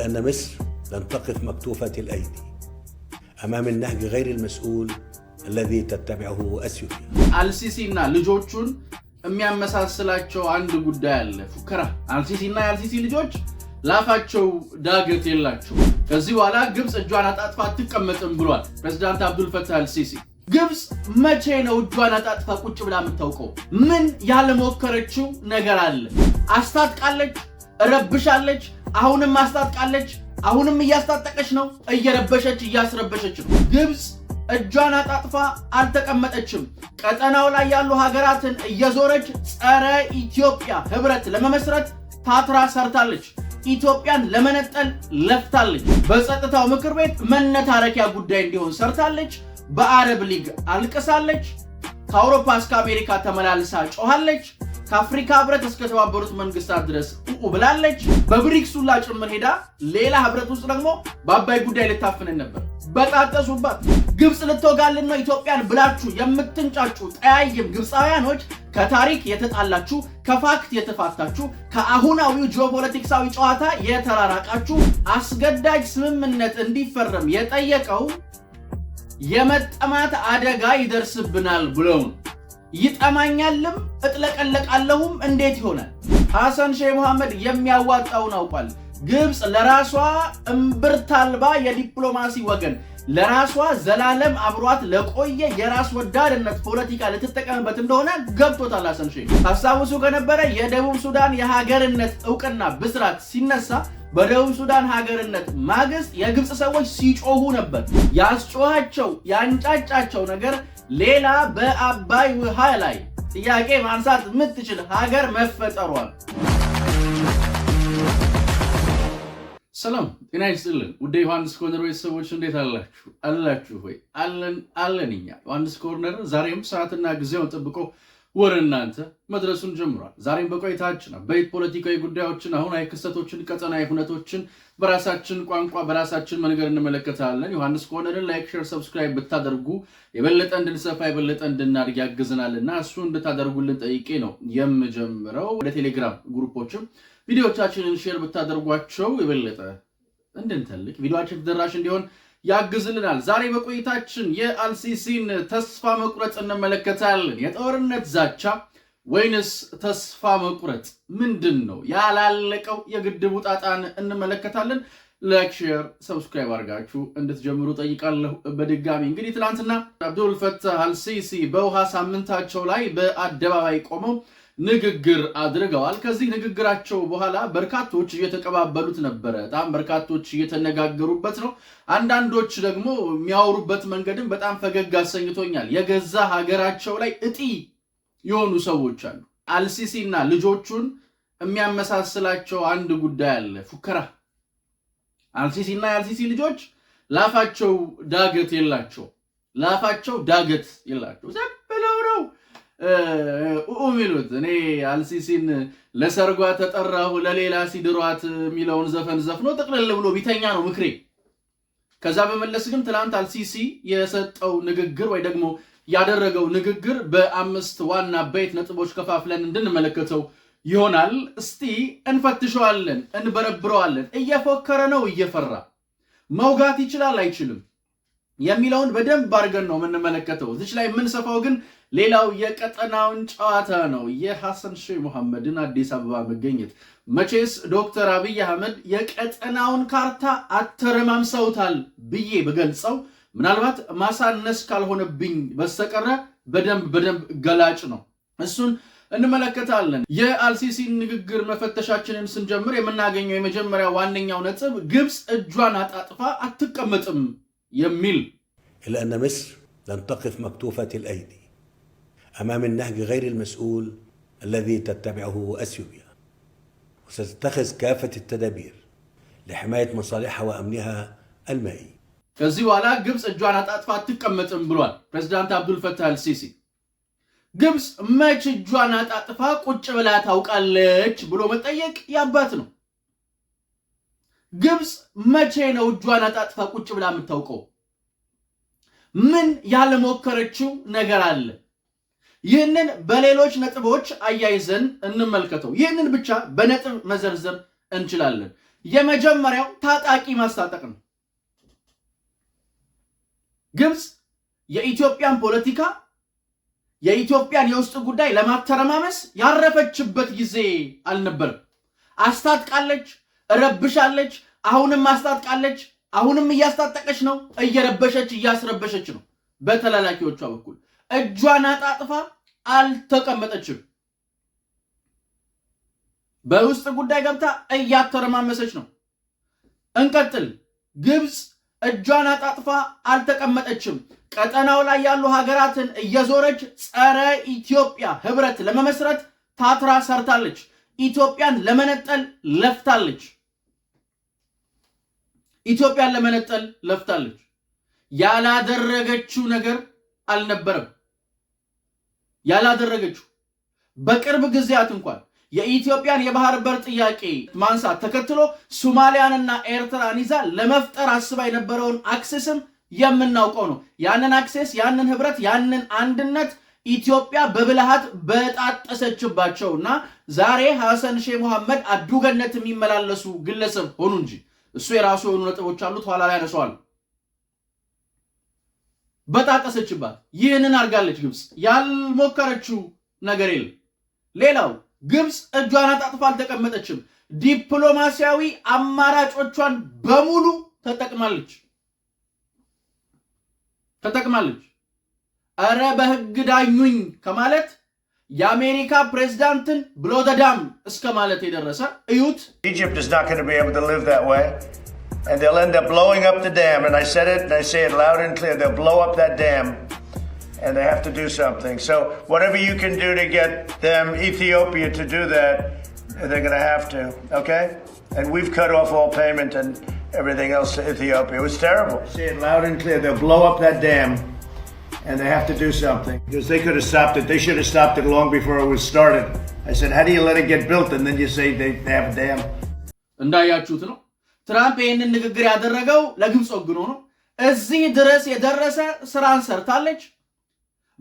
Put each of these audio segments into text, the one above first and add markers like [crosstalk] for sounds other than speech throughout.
إلا مصر لن تقف مكتوفة الأيدي أمام النهج غير المسؤول الذي تتبعه أثيوبيا አልሲሲና ልጆቹን የሚያመሳስላቸው አንድ ጉዳይ አለ፣ ፉከራ። አልሲሲና የአልሲሲ ልጆች ላፋቸው ዳገት የላቸው። ከዚህ በኋላ ግብፅ እጇን አጣጥፋ አትቀመጥም ብሏል ፕሬዚዳንት አብዱልፈታህ አልሲሲ። ግብፅ መቼ ነው እጇን አጣጥፋ ቁጭ ብላ የምታውቀው? ምን ያለሞከረችው ነገር አለ? አስታጥቃለች፣ ረብሻለች አሁንም አስታጥቃለች። አሁንም እያስታጠቀች ነው። እየረበሸች እያስረበሸች ነው። ግብፅ እጇን አጣጥፋ አልተቀመጠችም። ቀጠናው ላይ ያሉ ሀገራትን እየዞረች ጸረ ኢትዮጵያ ህብረት ለመመስረት ታትራ ሰርታለች። ኢትዮጵያን ለመነጠል ለፍታለች። በጸጥታው ምክር ቤት መነታረኪያ ጉዳይ እንዲሆን ሰርታለች። በአረብ ሊግ አልቅሳለች። ከአውሮፓ እስከ አሜሪካ ተመላልሳ ጮኋለች። ከአፍሪካ ህብረት እስከ ተባበሩት መንግስታት ድረስ ጥቁ ብላለች። በብሪክስ ሁላ ጭምር ሄዳ ሌላ ህብረት ውስጥ ደግሞ በአባይ ጉዳይ ልታፍንን ነበር። በጣጠሱባት። ግብፅ ልትወጋልን ነው ኢትዮጵያን ብላችሁ የምትንጫጩ ጠያይም ግብፃውያኖች ከታሪክ የተጣላችሁ፣ ከፋክት የተፋታችሁ፣ ከአሁናዊው ጂኦፖለቲክሳዊ ጨዋታ የተራራቃችሁ አስገዳጅ ስምምነት እንዲፈረም የጠየቀው የመጠማት አደጋ ይደርስብናል ብለውን ይጠማኛልም እጥለቀለቃለሁም እንዴት ይሆናል? ሐሰን ሼህ መሐመድ የሚያዋጣውን አውቋል። ግብፅ ለራሷ እምብርት አልባ የዲፕሎማሲ ወገን ለራሷ ዘላለም አብሯት ለቆየ የራስ ወዳድነት ፖለቲካ ልትጠቀምበት እንደሆነ ገብቶታል። ሐሰን ሼህ ታስታውሱ ከነበረ የደቡብ ሱዳን የሀገርነት እውቅና ብስራት ሲነሳ በደቡብ ሱዳን ሀገርነት ማግስት የግብፅ ሰዎች ሲጮሁ ነበር። ያስጮኋቸው ያንጫጫቸው ነገር ሌላ በአባይ ውሃ ላይ ጥያቄ ማንሳት የምትችል ሀገር መፈጠሯል። ሰላም ጤና ይስጥልን። ውደ ዮሐንስ ኮርነር ቤተሰቦች እንዴት አላችሁ? አላችሁ ወይ? አለን አለን። እኛ ዮሐንስ ኮርነር ዛሬም ሰዓትና ጊዜውን ጠብቆ ወደ እናንተ መድረሱን ጀምሯል። ዛሬም በቆይታችን አበይት ፖለቲካዊ ጉዳዮችን፣ አሁናዊ ክስተቶችን፣ ቀጠናዊ ሁነቶችን በራሳችን ቋንቋ በራሳችን መንገድ እንመለከታለን። ዮሐንስ ኮርነርን ላይክ፣ ሼር፣ ሰብስክራይብ ብታደርጉ የበለጠ እንድንሰፋ የበለጠ እንድናድግ ያግዝናልና እሱ እንድታደርጉልን ጠይቄ ነው የምጀምረው። ወደ ቴሌግራም ግሩፖችም ቪዲዮቻችንን ሼር ብታደርጓቸው የበለጠ እንድንተልቅ ቪዲዮችን ተደራሽ እንዲሆን ያግዝልናል። ዛሬ በቆይታችን የአልሲሲን ተስፋ መቁረጥ እንመለከታለን። የጦርነት ዛቻ ወይንስ ተስፋ መቁረጥ ምንድን ነው? ያላለቀው የግድቡ ጣጣን እንመለከታለን። ላይክ፣ ሼር፣ ሰብስክራይብ አድርጋችሁ እንድትጀምሩ ጠይቃለሁ። በድጋሚ እንግዲህ ትናንትና አብዱል ፈታህ አልሲሲ በውሃ ሳምንታቸው ላይ በአደባባይ ቆመው ንግግር አድርገዋል። ከዚህ ንግግራቸው በኋላ በርካቶች እየተቀባበሉት ነበረ። በጣም በርካቶች እየተነጋገሩበት ነው። አንዳንዶች ደግሞ የሚያወሩበት መንገድም በጣም ፈገግ አሰኝቶኛል። የገዛ ሀገራቸው ላይ እጢ የሆኑ ሰዎች አሉ። አልሲሲና ልጆቹን የሚያመሳስላቸው አንድ ጉዳይ አለ፣ ፉከራ። እና የአልሲሲ ልጆች ላፋቸው ዳገት የላቸው ላፋቸው ዳገት የላቸው የሚሉት እኔ አልሲሲን ለሰርጓ ተጠራሁ ለሌላ ሲድሯት የሚለውን ዘፈን ዘፍኖ ጥቅልል ብሎ ቢተኛ ነው ምክሬ። ከዛ በመለስ ግን ትናንት አልሲሲ የሰጠው ንግግር ወይ ደግሞ ያደረገው ንግግር በአምስት ዋና አበይት ነጥቦች ከፋፍለን እንድንመለከተው ይሆናል። እስቲ እንፈትሸዋለን፣ እንበረብረዋለን። እየፎከረ ነው እየፈራ መውጋት ይችላል አይችልም የሚለውን በደንብ አድርገን ነው የምንመለከተው። እዚች ላይ የምንሰፋው ግን ሌላው የቀጠናውን ጨዋታ ነው፣ የሐሰን ሼህ መሐመድን አዲስ አበባ መገኘት። መቼስ ዶክተር አብይ አህመድ የቀጠናውን ካርታ አተረማምሰውታል ብዬ በገልጸው ምናልባት ማሳነስ ካልሆነብኝ በስተቀረ በደንብ በደንብ ገላጭ ነው። እሱን እንመለከታለን። የአልሲሲ ንግግር መፈተሻችንን ስንጀምር የምናገኘው የመጀመሪያ ዋነኛው ነጥብ ግብፅ እጇን አጣጥፋ አትቀመጥም يمل إلا أن مصر لن تقف مكتوفة الأيدي أمام النهج غير المسؤول الذي تتبعه أثيوبيا وستتخذ كافة التدابير لحماية مصالحها وأمنها المائي جبس በኋላ ግብፅ تكمة امبروان አትቀመጥም عبد الفتاح السيسي جبس ግብፅ መች እጇን قد ቁጭ ብላ ታውቃለች بلو متأيك يا باتنو ግብፅ መቼ ነው እጇን አጣጥፋ ቁጭ ብላ የምታውቀው? ምን ያልሞከረችው ነገር አለ? ይህንን በሌሎች ነጥቦች አያይዘን እንመልከተው። ይህንን ብቻ በነጥብ መዘርዘር እንችላለን። የመጀመሪያው ታጣቂ ማስታጠቅ ነው። ግብፅ የኢትዮጵያን ፖለቲካ የኢትዮጵያን የውስጥ ጉዳይ ለማተረማመስ ያረፈችበት ጊዜ አልነበርም። አስታጥቃለች ረብሻለች፣ አሁንም አስታጥቃለች፣ አሁንም እያስታጠቀች ነው። እየረበሸች እያስረበሸች ነው። በተላላኪዎቿ በኩል እጇን አጣጥፋ አልተቀመጠችም። በውስጥ ጉዳይ ገብታ እያተረማመሰች ነው። እንቀጥል። ግብፅ እጇን አጣጥፋ አልተቀመጠችም። ቀጠናው ላይ ያሉ ሀገራትን እየዞረች ጸረ ኢትዮጵያ ህብረት ለመመስረት ታትራ ሰርታለች። ኢትዮጵያን ለመነጠል ለፍታለች። ኢትዮጵያን ለመነጠል ለፍታለች። ያላደረገችው ነገር አልነበረም። ያላደረገችው በቅርብ ጊዜያት እንኳን የኢትዮጵያን የባህር በር ጥያቄ ማንሳት ተከትሎ ሶማሊያንና ኤርትራን ይዛ ለመፍጠር አስባ የነበረውን አክሴስም የምናውቀው ነው። ያንን አክሴስ፣ ያንን ህብረት፣ ያንን አንድነት ኢትዮጵያ በብልሃት በጣጠሰችባቸው እና ዛሬ ሐሰን ሼህ መሐመድ አዱገነት የሚመላለሱ ግለሰብ ሆኑ እንጂ እሱ የራሱ የሆኑ ነጥቦች አሉት። ኋላ ላይ ያነሰዋል። በጣጠሰችባት። ይህንን አድርጋለች ግብፅ። ያልሞከረችው ነገር የለም። ሌላው ግብፅ እጇን አጣጥፋ አልተቀመጠችም። ዲፕሎማሲያዊ አማራጮቿን በሙሉ ተጠቅማለች ተጠቅማለች። እረ በህግ ዳኙኝ ከማለት የአሜሪካ ፕሬዝዳንትን ብሎ ደዳም እስከ ማለት የደረሰ እዩት። ኢትዮጵያ and they have to do something because they could have stopped it. They should have stopped it long before it was started. I said, how do you let it get built and then you say they, they have a dam? እንዳያችሁት ነው ትራምፕ ይህንን ንግግር ያደረገው ለግብፅ ወግኖ ነው። እዚህ ድረስ የደረሰ ስራን ሰርታለች።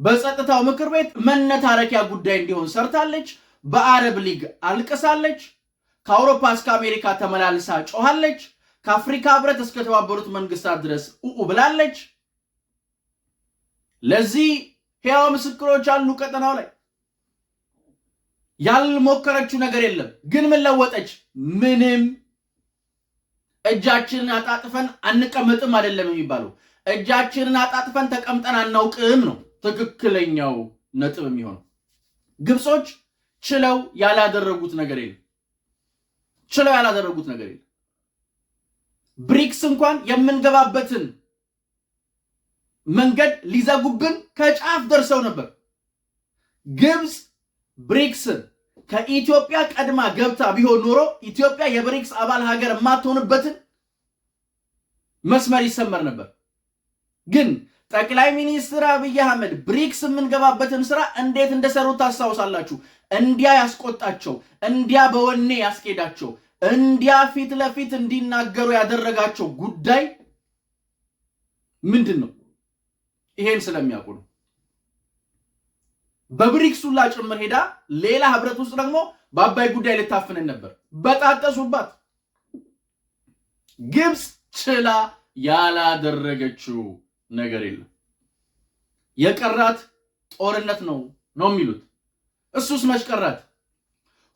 በጸጥታው ምክር ቤት መነታረኪያ ጉዳይ እንዲሆን ሰርታለች። በአረብ ሊግ አልቅሳለች። ከአውሮፓ እስከ አሜሪካ ተመላልሳ ጮኋለች። ከአፍሪካ ህብረት እስከተባበሩት መንግስታት ድረስ ኡኡ ብላለች። ለዚህ ሕያው ምስክሮች አሉ። ቀጠናው ላይ ያልሞከረችው ነገር የለም። ግን ምን ለወጠች? ምንም። እጃችንን አጣጥፈን አንቀመጥም አይደለም የሚባለው፣ እጃችንን አጣጥፈን ተቀምጠን አናውቅም ነው ትክክለኛው ነጥብ የሚሆነው። ግብጾች ችለው ያላደረጉት ነገር የለም። ችለው ያላደረጉት ነገር የለም። ብሪክስ እንኳን የምንገባበትን መንገድ ሊዘጉብን ከጫፍ ደርሰው ነበር። ግብፅ ብሪክስን ከኢትዮጵያ ቀድማ ገብታ ቢሆን ኖሮ ኢትዮጵያ የብሪክስ አባል ሀገር የማትሆንበትን መስመር ይሰመር ነበር። ግን ጠቅላይ ሚኒስትር አብይ አህመድ ብሪክስ የምንገባበትን ስራ እንዴት እንደሰሩት ታስታውሳላችሁ። እንዲያ ያስቆጣቸው፣ እንዲያ በወኔ ያስኬዳቸው፣ እንዲያ ፊት ለፊት እንዲናገሩ ያደረጋቸው ጉዳይ ምንድን ነው? ይሄን ስለሚያውቁ ነው። በብሪክስ ሁላ ጭምር ሄዳ ሌላ ህብረት ውስጥ ደግሞ በአባይ ጉዳይ ልታፍነን ነበር። በጣጠሱባት ግብፅ ችላ ያላደረገችው ነገር የለም። የቀራት ጦርነት ነው ነው የሚሉት እሱስ መች ቀራት?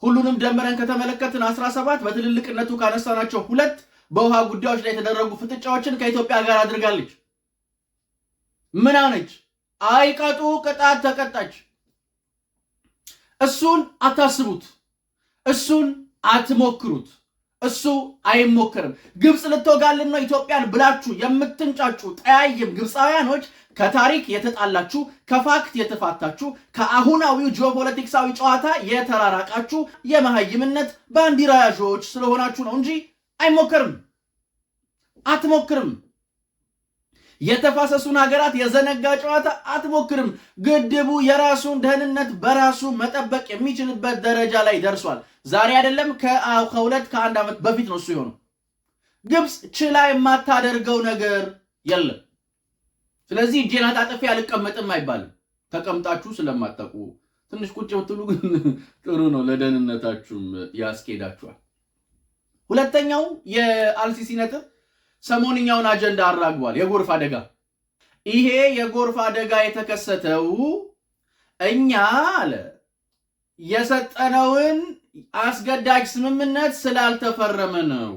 ሁሉንም ደምረን ከተመለከትን 17 በትልልቅነቱ ካነሳናቸው ሁለት በውሃ ጉዳዮች ላይ የተደረጉ ፍጥጫዎችን ከኢትዮጵያ ጋር አድርጋለች። ምን አለች? አይቀጡ ቅጣት ተቀጣች። እሱን አታስቡት፣ እሱን አትሞክሩት፣ እሱ አይሞክርም። ግብፅ ልትወጋልን ነው ኢትዮጵያን ብላችሁ የምትንጫጩ ጠያይም ግብፃውያኖች ከታሪክ የተጣላችሁ ከፋክት የተፋታችሁ ከአሁናዊው ጂኦፖለቲክሳዊ ጨዋታ የተራራቃችሁ የመሀይምነት ባንዲራ ያዦች ስለሆናችሁ ነው እንጂ አይሞክርም፣ አትሞክርም የተፋሰሱን ሀገራት የዘነጋ ጨዋታ አትሞክርም። ግድቡ የራሱን ደህንነት በራሱ መጠበቅ የሚችልበት ደረጃ ላይ ደርሷል። ዛሬ አይደለም ከሁለት ከአንድ ዓመት በፊት ነው እሱ የሆነው። ግብፅ ችላ የማታደርገው ነገር የለም። ስለዚህ እጄን አጣጥፌ አልቀመጥም አይባልም። ተቀምጣችሁ ስለማታውቁ ትንሽ ቁጭ ብትሉ ግን [laughs] ጥሩ ነው፣ ለደህንነታችሁም ያስኬዳችኋል። ሁለተኛው የአልሲሲ ነጥብ ሰሞንኛውን አጀንዳ አራግቧል። የጎርፍ አደጋ ይሄ የጎርፍ አደጋ የተከሰተው እኛ አለ የሰጠነውን አስገዳጅ ስምምነት ስላልተፈረመ ነው።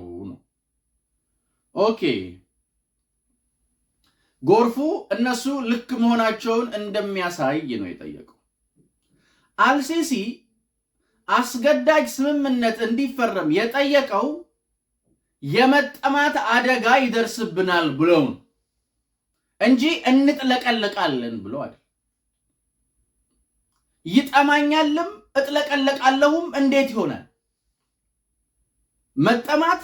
ኦኬ ጎርፉ እነሱ ልክ መሆናቸውን እንደሚያሳይ ነው የጠየቀው። አልሲሲ አስገዳጅ ስምምነት እንዲፈረም የጠየቀው የመጠማት አደጋ ይደርስብናል ብለው እንጂ እንጥለቀለቃለን ብሎ አይደል። ይጠማኛልም እጥለቀለቃለሁም እንዴት ይሆናል? መጠማት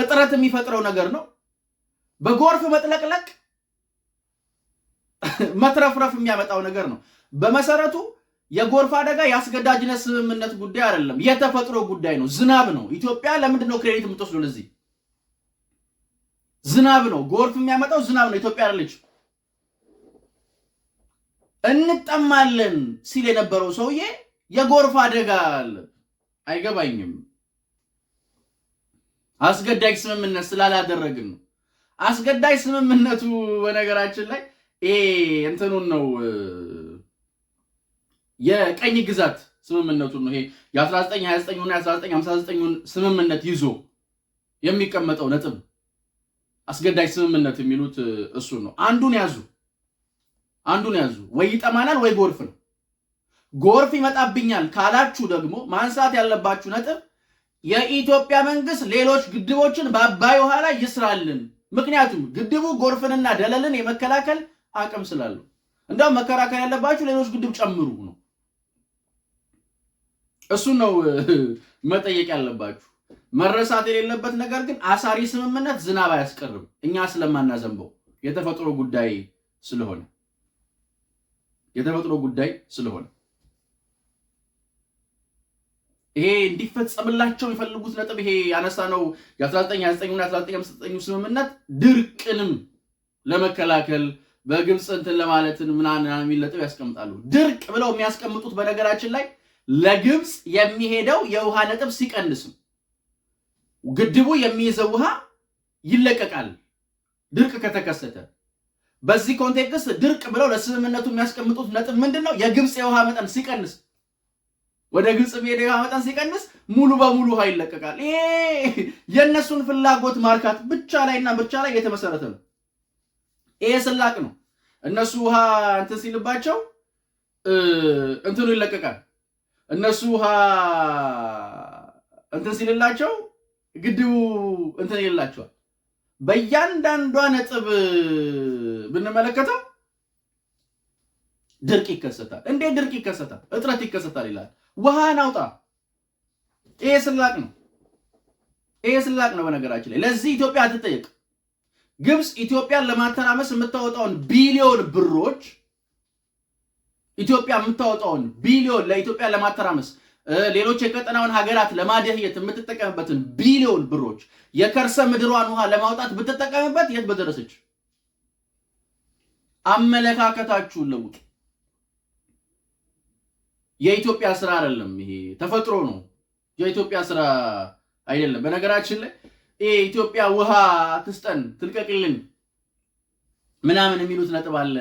እጥረት የሚፈጥረው ነገር ነው። በጎርፍ መጥለቅለቅ መትረፍረፍ የሚያመጣው ነገር ነው። በመሰረቱ የጎርፍ አደጋ የአስገዳጅነት ስምምነት ጉዳይ አይደለም፣ የተፈጥሮ ጉዳይ ነው። ዝናብ ነው። ኢትዮጵያ ለምንድን ነው ክሬዲት የምትወስዱ? ለዚህ ዝናብ ነው። ጎርፍ የሚያመጣው ዝናብ ነው። ኢትዮጵያ አይደለች። እንጠማለን ሲል የነበረው ሰውዬ የጎርፍ አደጋ አለ። አይገባኝም። አስገዳጅ ስምምነት ስላላደረግን ነው። አስገዳጅ ስምምነቱ በነገራችን ላይ ይሄ እንትኑን ነው የቀኝ ግዛት ስምምነቱን ነው ይሄ የ 1929 1959ን ስምምነት ይዞ የሚቀመጠው ነጥብ አስገዳጅ ስምምነት የሚሉት እሱ ነው። አንዱን ያዙ አንዱን ያዙ፣ ወይ ይጠማናል ወይ ጎርፍ ነው። ጎርፍ ይመጣብኛል ካላችሁ ደግሞ ማንሳት ያለባችሁ ነጥብ የኢትዮጵያ መንግስት ሌሎች ግድቦችን በአባይ ውሃ ላይ ይስራልን። ምክንያቱም ግድቡ ጎርፍንና ደለልን የመከላከል አቅም ስላለው። እንደውም መከራከል ያለባችሁ ሌሎች ግድብ ጨምሩ ነው። እሱን ነው መጠየቅ ያለባችሁ። መረሳት የሌለበት ነገር ግን አሳሪ ስምምነት ዝናብ አያስቀርም፣ እኛ ስለማናዘንበው የተፈጥሮ ጉዳይ ስለሆነ የተፈጥሮ ጉዳይ ስለሆነ ይሄ እንዲፈጸምላቸው የፈልጉት ነጥብ ይሄ ያነሳ ነው። የ1929ና 1959 ስምምነት ድርቅንም ለመከላከል በግብፅ እንትን ለማለትን ምናምን የሚል ነጥብ ያስቀምጣሉ። ድርቅ ብለው የሚያስቀምጡት በነገራችን ላይ ለግብፅ የሚሄደው የውሃ ነጥብ ሲቀንስም ግድቡ የሚይዘው ውሃ ይለቀቃል ድርቅ ከተከሰተ። በዚህ ኮንቴክስት ድርቅ ብለው ለስምምነቱ የሚያስቀምጡት ነጥብ ምንድን ነው? የግብፅ የውሃ መጠን ሲቀንስ፣ ወደ ግብፅ የሚሄደው የውሃ መጠን ሲቀንስ ሙሉ በሙሉ ውሃ ይለቀቃል። ይሄ የእነሱን ፍላጎት ማርካት ብቻ ላይና ብቻ ላይ የተመሰረተ ነው። ይሄ ስላቅ ነው። እነሱ ውሃ እንትን ሲልባቸው እንትኑ ይለቀቃል እነሱ ውሃ እንትን ሲልላቸው ግድቡ እንትን ይልላቸዋል። በእያንዳንዷ ነጥብ ብንመለከተው ድርቅ ይከሰታል። እንዴት ድርቅ ይከሰታል? እጥረት ይከሰታል ይላል። ውሃን አውጣ። ይሄ ስላቅ ነው፣ ይሄ ስላቅ ነው። በነገራችን ላይ ለዚህ ኢትዮጵያ አትጠየቅ። ግብፅ ኢትዮጵያን ለማተራመስ የምታወጣውን ቢሊዮን ብሮች ኢትዮጵያ የምታወጣውን ቢሊዮን ለኢትዮጵያ ለማተራመስ ሌሎች የቀጠናውን ሀገራት ለማደህየት የምትጠቀምበትን ቢሊዮን ብሮች የከርሰ ምድሯን ውሃ ለማውጣት ብትጠቀምበት የት በደረሰች? አመለካከታችሁን ለውጡ። የኢትዮጵያ ስራ አይደለም፣ ይሄ ተፈጥሮ ነው። የኢትዮጵያ ስራ አይደለም። በነገራችን ላይ ኢትዮጵያ ውሃ ትስጠን ትልቀቅልን ምናምን የሚሉት ነጥብ አለ።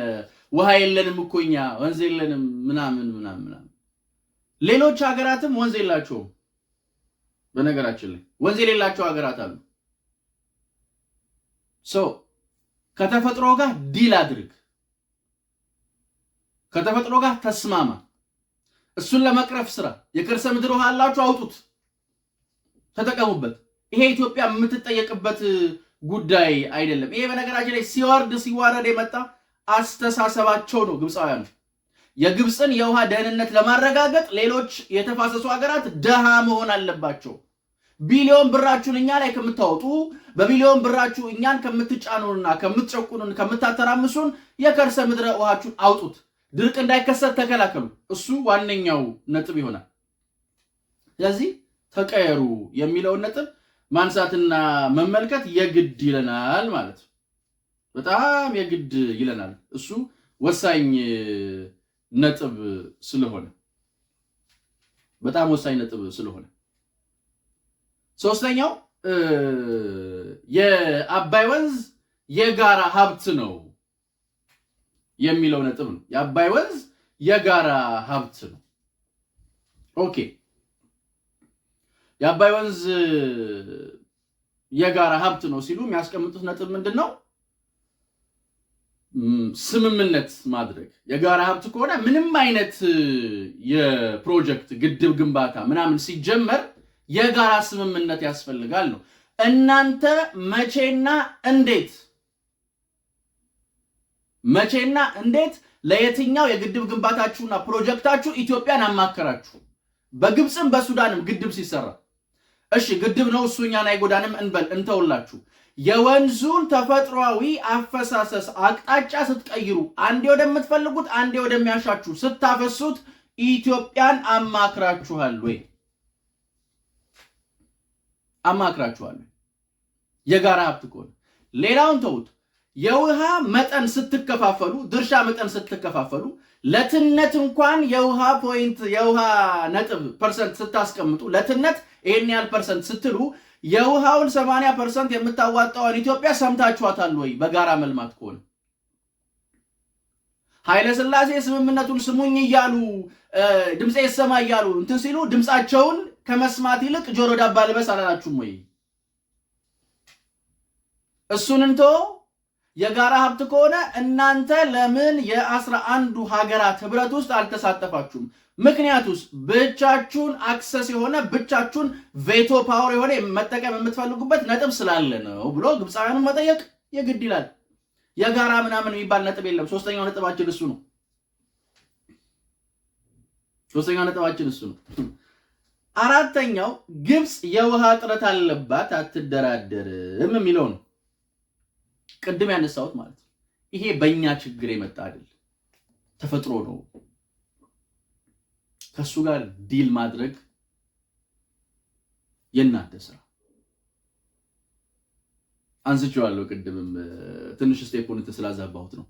ውሃ የለንም እኮ እኛ ወንዝ የለንም ምናምን ምናምን ምናምን። ሌሎች ሀገራትም ወንዝ የላቸውም። በነገራችን ላይ ወንዝ የሌላቸው ሀገራት አሉ። ሰው ከተፈጥሮ ጋር ዲል አድርግ፣ ከተፈጥሮ ጋር ተስማማ፣ እሱን ለመቅረፍ ስራ። የከርሰ ምድር ውሃ አላችሁ፣ አውጡት፣ ተጠቀሙበት። ይሄ ኢትዮጵያ የምትጠየቅበት ጉዳይ አይደለም። ይሄ በነገራችን ላይ ሲወርድ ሲዋረድ የመጣ አስተሳሰባቸው ነው ግብፃውያን። የግብፅን የውሃ ደህንነት ለማረጋገጥ ሌሎች የተፋሰሱ ሀገራት ደሃ መሆን አለባቸው። ቢሊዮን ብራችሁን እኛ ላይ ከምታወጡ በቢሊዮን ብራችሁ እኛን ከምትጫኑንና ከምትጨቁኑን ከምታተራምሱን የከርሰ ምድረ ውሃችሁን አውጡት፣ ድርቅ እንዳይከሰት ተከላከሉ። እሱ ዋነኛው ነጥብ ይሆናል። ስለዚህ ተቀየሩ የሚለውን ነጥብ ማንሳትና መመልከት የግድ ይለናል ማለት ነው። በጣም የግድ ይለናል። እሱ ወሳኝ ነጥብ ስለሆነ በጣም ወሳኝ ነጥብ ስለሆነ ሶስተኛው የአባይ ወንዝ የጋራ ሀብት ነው የሚለው ነጥብ ነው። የአባይ ወንዝ የጋራ ሀብት ነው። ኦኬ የአባይ ወንዝ የጋራ ሀብት ነው ሲሉ የሚያስቀምጡት ነጥብ ምንድን ነው? ስምምነት ማድረግ የጋራ ሀብት ከሆነ ምንም አይነት የፕሮጀክት ግድብ ግንባታ ምናምን ሲጀመር የጋራ ስምምነት ያስፈልጋል ነው። እናንተ መቼና እንዴት መቼና እንዴት ለየትኛው የግድብ ግንባታችሁና ፕሮጀክታችሁ ኢትዮጵያን አማከራችሁ? በግብፅም በሱዳንም ግድብ ሲሰራ እሺ፣ ግድብ ነው እሱ እኛን አይጎዳንም እንበል እንተውላችሁ። የወንዙን ተፈጥሯዊ አፈሳሰስ አቅጣጫ ስትቀይሩ፣ አንዴ ወደምትፈልጉት አንዴ ወደሚያሻችሁ ስታፈሱት ኢትዮጵያን አማክራችኋል ወይ? አማክራችኋል። የጋራ ሀብት ከሆነ ሌላውን ተውት። የውሃ መጠን ስትከፋፈሉ፣ ድርሻ መጠን ስትከፋፈሉ፣ ለትነት እንኳን የውሃ ፖይንት የውሃ ነጥብ ፐርሰንት ስታስቀምጡ፣ ለትነት ይሄን ያህል ፐርሰንት ስትሉ የውሃውን 80 ፐርሰንት የምታዋጣዋን ኢትዮጵያ ሰምታችኋታል ወይ? በጋራ መልማት ከሆነ ኃይለሥላሴ ስምምነቱን ስሙኝ እያሉ ድምፄ ይሰማ እያሉ እንትን ሲሉ ድምፃቸውን ከመስማት ይልቅ ጆሮ ዳባ ልበስ አላላችሁም ወይ? እሱን እንቶ የጋራ ሀብት ከሆነ እናንተ ለምን የአስራ አንዱ ሀገራት ህብረት ውስጥ አልተሳተፋችሁም? ምክንያቱስ ብቻችሁን አክሰስ የሆነ ብቻችሁን ቬቶ ፓወር የሆነ መጠቀም የምትፈልጉበት ነጥብ ስላለ ነው ብሎ ግብፃውያኑን መጠየቅ የግድ ይላል። የጋራ ምናምን የሚባል ነጥብ የለም። ሶስተኛው ነጥባችን እሱ ነው። ሶስተኛው ነጥባችን እሱ ነው። አራተኛው ግብፅ የውሃ እጥረት አለባት አትደራደርም የሚለው ነው። ቅድም ያነሳሁት ማለት ነው። ይሄ በእኛ ችግር የመጣ አይደል፣ ተፈጥሮ ነው። ከእሱ ጋር ዲል ማድረግ የእናንተ ስራ። አንስቼዋለሁ ቅድምም ትንሽ ስቴፖን እንትን ስላዛባሁት ነው።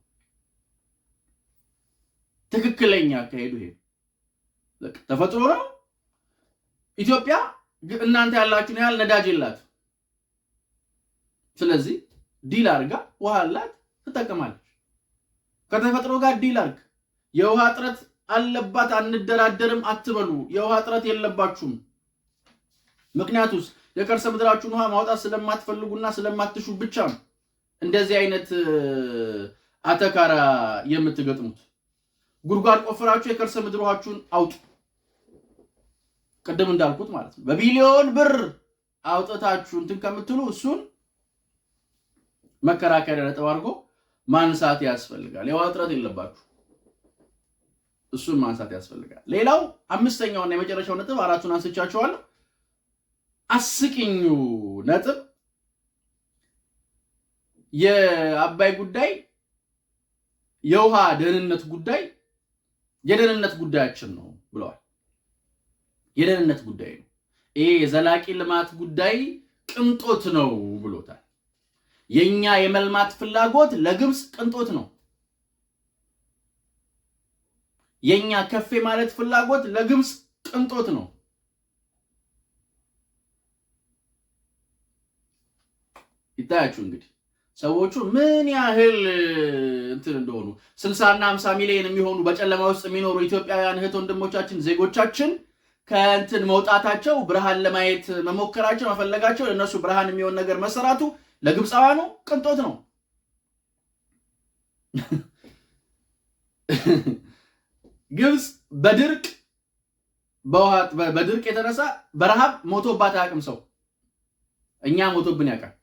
ትክክለኛ አካሄዱ ይሄ ተፈጥሮ ነው። ኢትዮጵያ እናንተ ያላችሁን ያህል ነዳጅ የላትም። ስለዚህ ዲል አርጋ ውሃ አላት ትጠቅማለች። ከተፈጥሮ ጋር ዲል አርግ። የውሃ እጥረት አለባት አንደራደርም አትበሉ። የውሃ እጥረት የለባችሁም። ምክንያቱስ የከርሰ ምድራችሁን ውሃ ማውጣት ስለማትፈልጉና ስለማትሹ ብቻ ነው እንደዚህ አይነት አተካራ የምትገጥሙት። ጉድጓድ ቆፍራችሁ የከርሰ ምድር አውጡ። ቅድም እንዳልኩት ማለት ነው በቢሊዮን ብር አውጥታችሁ እንትን ከምትሉ እሱን መከራከሪያ ነጥብ አድርጎ ማንሳት ያስፈልጋል። የውሃ እጥረት የለባችሁ፣ እሱን ማንሳት ያስፈልጋል። ሌላው አምስተኛውና የመጨረሻው ነጥብ አራቱን አንስቻችኋለሁ። አስቂኙ ነጥብ የአባይ ጉዳይ የውሃ ደህንነት ጉዳይ የደህንነት ጉዳያችን ነው ብለዋል። የደህንነት ጉዳይ ነው ይሄ የዘላቂ ልማት ጉዳይ ቅንጦት ነው ብሎታል። የኛ የመልማት ፍላጎት ለግብፅ ቅንጦት ነው። የኛ ከፍ ማለት ፍላጎት ለግብፅ ቅንጦት ነው። ይታያችሁ እንግዲህ ሰዎቹ ምን ያህል እንትን እንደሆኑ 60 እና 50 ሚሊዮን የሚሆኑ በጨለማ ውስጥ የሚኖሩ ኢትዮጵያውያን እህት ወንድሞቻችን ዜጎቻችን ከእንትን መውጣታቸው ብርሃን ለማየት መሞከራቸው መፈለጋቸው ለእነሱ ብርሃን የሚሆን ነገር መሰራቱ ለግብፃውያኑ ቅንጦት ነው። ግብፅ በድርቅ በድርቅ የተነሳ በረሃብ ሞቶባት አያውቅም ሰው እኛ ሞቶብን ያውቃል።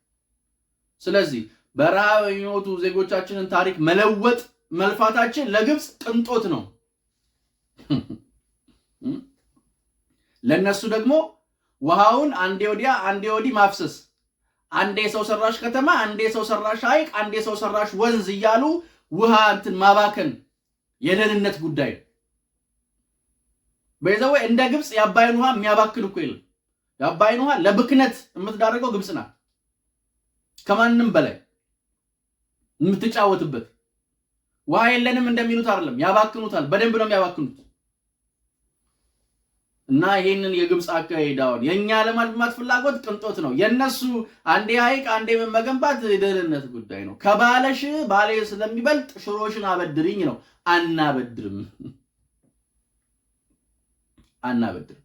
ስለዚህ በረሃብ የሚሞቱ ዜጎቻችንን ታሪክ መለወጥ መልፋታችን ለግብፅ ቅንጦት ነው። ለእነሱ ደግሞ ውሃውን አንዴ ወዲያ አንዴ ወዲህ ማፍሰስ አንዴ ሰው ሰራሽ ከተማ፣ አንዴ ሰው ሰራሽ ሐይቅ፣ አንዴ ሰው ሰራሽ ወንዝ እያሉ ውሃ እንትን ማባከን የደህንነት ጉዳይ በዛው እንደ ግብፅ የአባይን ውሃ የሚያባክን እኮ የለም። የአባይን ውሃ ለብክነት የምትዳረገው ግብፅ ናት። ከማንም በላይ የምትጫወትበት ውሃ የለንም እንደሚሉት አይደለም፣ ያባክኑታል። በደንብ ነው የሚያባክኑት። እና ይህንን የግብፅ አካሄድ አሁን የእኛ ለማልማት ፍላጎት ቅንጦት ነው። የእነሱ አንዴ ሐይቅ አንዴ መገንባት የደህንነት ጉዳይ ነው። ከባለሽ ባሌ ስለሚበልጥ ሽሮሽን አበድርኝ ነው። አናበድርም፣ አናበድርም።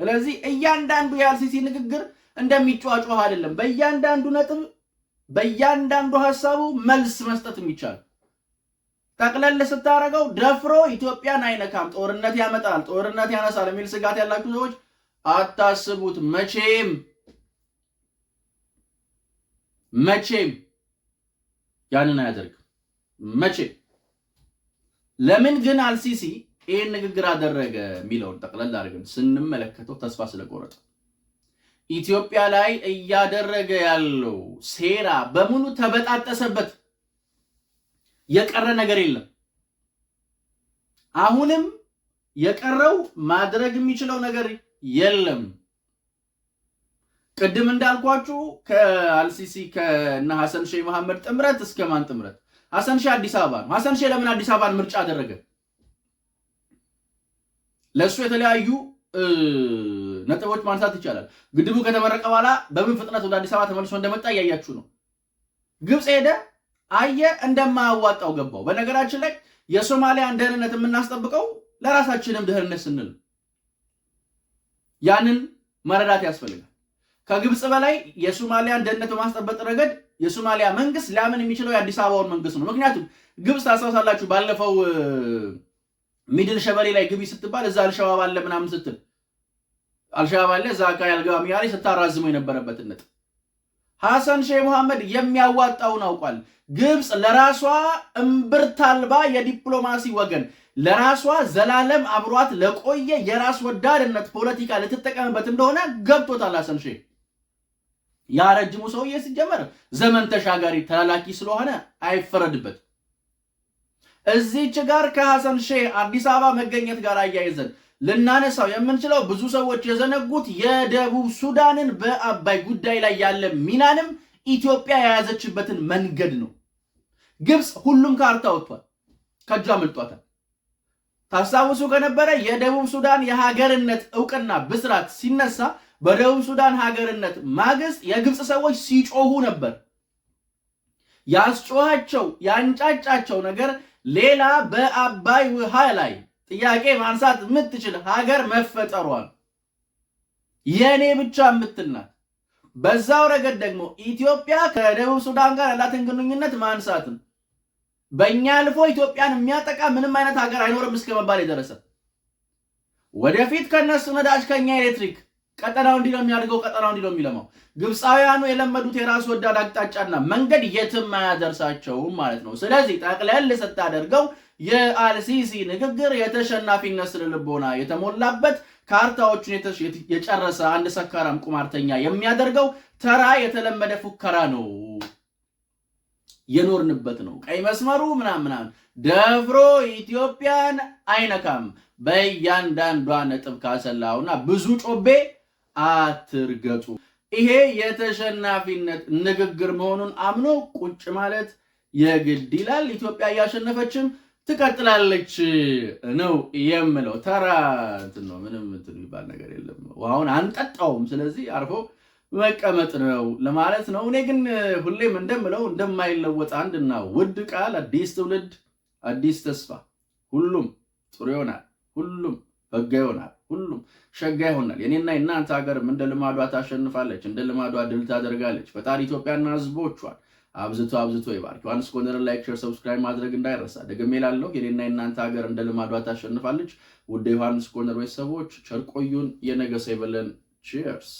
ስለዚህ እያንዳንዱ የአልሲሲ ንግግር እንደሚጫጫህ አይደለም። በእያንዳንዱ ነጥብ፣ በእያንዳንዱ ሀሳቡ መልስ መስጠት የሚቻል ጠቅለል ስታደርገው ደፍሮ ኢትዮጵያን አይነካም፣ ጦርነት ያመጣል፣ ጦርነት ያነሳል የሚል ስጋት ያላችሁ ሰዎች አታስቡት። መቼም መቼም ያንን አያደርግም። መቼም ለምን ግን አልሲሲ ይህን ንግግር አደረገ የሚለውን ጠቅለል አድርገን ስንመለከተው ተስፋ ስለቆረጠ ኢትዮጵያ ላይ እያደረገ ያለው ሴራ በሙሉ ተበጣጠሰበት። የቀረ ነገር የለም። አሁንም የቀረው ማድረግ የሚችለው ነገር የለም። ቅድም እንዳልኳችሁ ከአልሲሲ ከነ ሐሰን ሼህ መሐመድ ጥምረት እስከ ማን ጥምረት ሐሰን ሼህ አዲስ አበባ ነው። ሐሰን ለምን አዲስ አበባን ምርጫ አደረገ? ለእሱ የተለያዩ ነጥቦች ማንሳት ይቻላል። ግድቡ ከተመረቀ በኋላ በምን ፍጥነት ወደ አዲስ አበባ ተመልሶ እንደመጣ እያያችሁ ነው። ግብፅ ሄደ አየ እንደማያዋጣው ገባው። በነገራችን ላይ የሶማሊያን ደህንነት የምናስጠብቀው ለራሳችንም ደህንነት ስንል ያንን መረዳት ያስፈልጋል። ከግብፅ በላይ የሶማሊያን ደህንነት በማስጠበቅ ረገድ የሶማሊያ መንግስት ሊያምን የሚችለው የአዲስ አበባውን መንግስት ነው። ምክንያቱም ግብፅ ታስታውሳላችሁ፣ ባለፈው ሚድል ሸበሌ ላይ ግቢ ስትባል እዛ አልሸባብ አለ ምናምን ስትል አልሸባብ አለ እዛ አካባቢ አልገባም ያለ ስታራዝመው የነበረበትን ነጥብ ሐሰን ሼህ መሐመድ የሚያዋጣውን አውቋል። ግብፅ ለራሷ እምብርት አልባ የዲፕሎማሲ ወገን ለራሷ ዘላለም አብሯት ለቆየ የራስ ወዳድነት ፖለቲካ ልትጠቀምበት እንደሆነ ገብቶታል። ሐሰን ሼህ ያረጅሙ ረጅሙ ሰውዬ ሲጀመር ዘመን ተሻጋሪ ተላላኪ ስለሆነ አይፈረድበት። እዚች ጋር ከሐሰን ሼህ አዲስ አበባ መገኘት ጋር አያይዘን ልናነሳው የምንችለው ብዙ ሰዎች የዘነጉት የደቡብ ሱዳንን በአባይ ጉዳይ ላይ ያለ ሚናንም ኢትዮጵያ የያዘችበትን መንገድ ነው። ግብፅ ሁሉም ካርታ ወጥቷል፣ ከእጇ አምልጧታል። ታስታውሱ ከነበረ የደቡብ ሱዳን የሀገርነት እውቅና ብስራት ሲነሳ በደቡብ ሱዳን ሀገርነት ማግስት የግብፅ ሰዎች ሲጮሁ ነበር። ያስጮኋቸው ያንጫጫቸው ነገር ሌላ በአባይ ውሃ ላይ ጥያቄ ማንሳት የምትችል ሀገር መፈጠሯን የእኔ ብቻ የምትልናት። በዛው ረገድ ደግሞ ኢትዮጵያ ከደቡብ ሱዳን ጋር ያላትን ግንኙነት ማንሳትም በእኛ አልፎ ኢትዮጵያን የሚያጠቃ ምንም አይነት ሀገር አይኖርም እስከ መባል የደረሰ ወደፊት ከነሱ ነዳጅ ከኛ ኤሌክትሪክ ቀጠናው እንዲህ ነው የሚያድገው፣ ቀጠናው እንዲህ ነው የሚለማው። ግብፃውያኑ የለመዱት የራስ ወዳድ አቅጣጫና መንገድ የትም አያደርሳቸውም ማለት ነው። ስለዚህ ጠቅለል ስታደርገው የአልሲሲ ንግግር የተሸናፊነት ስነልቦና የተሞላበት ካርታዎቹን የጨረሰ አንድ ሰካራም ቁማርተኛ የሚያደርገው ተራ የተለመደ ፉከራ ነው። የኖርንበት ነው። ቀይ መስመሩ ምናምን ምናምን ደፍሮ ኢትዮጵያን አይነካም። በእያንዳንዷ ነጥብ ካሰላውና ብዙ ጮቤ አትርገጡ። ይሄ የተሸናፊነት ንግግር መሆኑን አምኖ ቁጭ ማለት የግድ ይላል። ኢትዮጵያ እያሸነፈችም ትቀጥላለች ነው የምለው። ተራ እንትን ነው፣ ምንም እንትን የሚባል ነገር የለም። አሁን አንጠጣውም፣ ስለዚህ አርፎ መቀመጥ ነው ለማለት ነው። እኔ ግን ሁሌም እንደምለው እንደማይለወጥ አንድና ውድ ቃል አዲስ ትውልድ፣ አዲስ ተስፋ። ሁሉም ጥሩ ይሆናል፣ ሁሉም በጋ ይሆናል፣ ሁሉም ሸጋ ይሆናል። የኔና የእናንተ ሀገርም እንደ ልማዷ ታሸንፋለች፣ እንደ ልማዷ ድል ታደርጋለች። ፈጣሪ ኢትዮጵያና ሕዝቦቿን አብዝቶ አብዝቶ ይባርክ። ዮሐንስ ኮርነርን ላይክ፣ ሼር፣ ሰብስክራይብ ማድረግ እንዳይረሳ። ደግሜ ላለው የኔና የእናንተ ሀገር እንደ ልማዷ ታሸንፋለች። ውድ ዮሐንስ ኮርነር ቤተሰቦች ቸርቆዩን የነገሰ ይበለን። ቺርስ